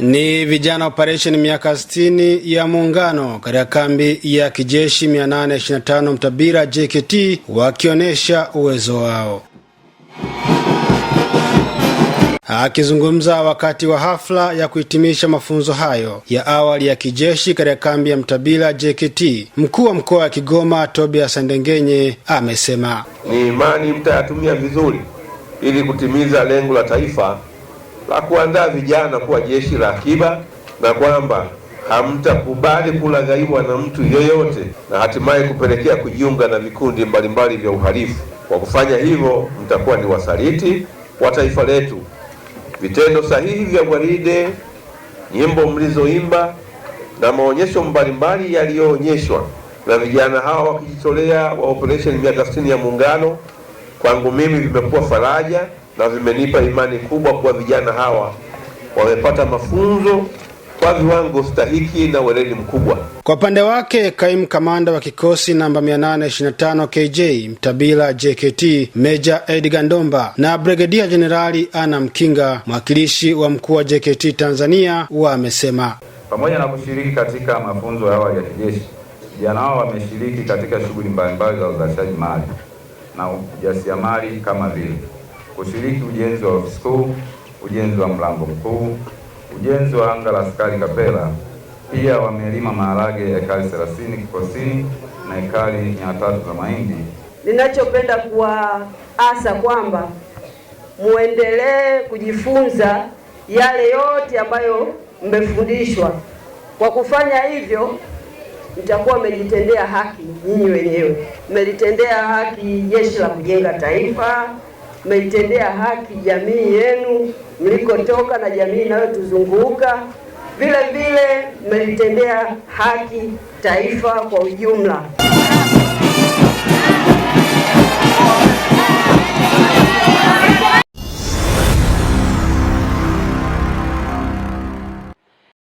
ni vijana operesheni miaka 60 ya muungano katika kambi ya kijeshi 825 Mtabira JKT wakionyesha uwezo wao. Akizungumza wakati wa hafla ya kuhitimisha mafunzo hayo ya awali ya kijeshi katika kambi ya Mtabila JKT, mkuu wa mkoa wa Kigoma Tobias Sandengenye amesema ni imani mtayatumia vizuri ili kutimiza lengo la taifa la kuandaa vijana kuwa jeshi la akiba na kwamba hamtakubali kulaghaiwa na mtu yoyote na hatimaye kupelekea kujiunga na vikundi mbalimbali vya uhalifu. Kwa kufanya hivyo, mtakuwa ni wasaliti wa taifa letu. Vitendo sahihi vya gwaride, nyimbo mlizoimba na maonyesho mbalimbali yaliyoonyeshwa na vijana hawa wakijitolea wa operesheni miaka 60 ya Muungano kwangu mimi vimekuwa faraja na vimenipa imani kubwa kuwa vijana hawa wamepata mafunzo kwa viwango stahiki na weledi mkubwa. Kwa upande wake, kaimu kamanda wa kikosi namba 825 KJ Mtabila JKT Meja Edgar Ndomba na Brigedia Jenerali Ana Mkinga, mwakilishi wa mkuu wa JKT Tanzania, wamesema pamoja na kushiriki katika mafunzo ya awali ya kijeshi, vijana hao wameshiriki katika shughuli mbalimbali za uzalishaji mali na ujasiriamali kama vile kushiriki ujenzi wa ofisi kuu, ujenzi wa mlango mkuu, ujenzi wa anga la askari Kapela. Pia wamelima maharage ya ekari 30 Kikosini na ekari tatu za mahindi. Ninachopenda kuwaasa kwamba muendelee kujifunza yale yote ambayo mmefundishwa. Kwa kufanya hivyo mtakuwa mmejitendea haki nyinyi wenyewe. Mmelitendea haki Jeshi la Kujenga Taifa, mmelitendea haki jamii yenu mlikotoka na jamii inayotuzunguka vile vile, mmelitendea haki taifa kwa ujumla.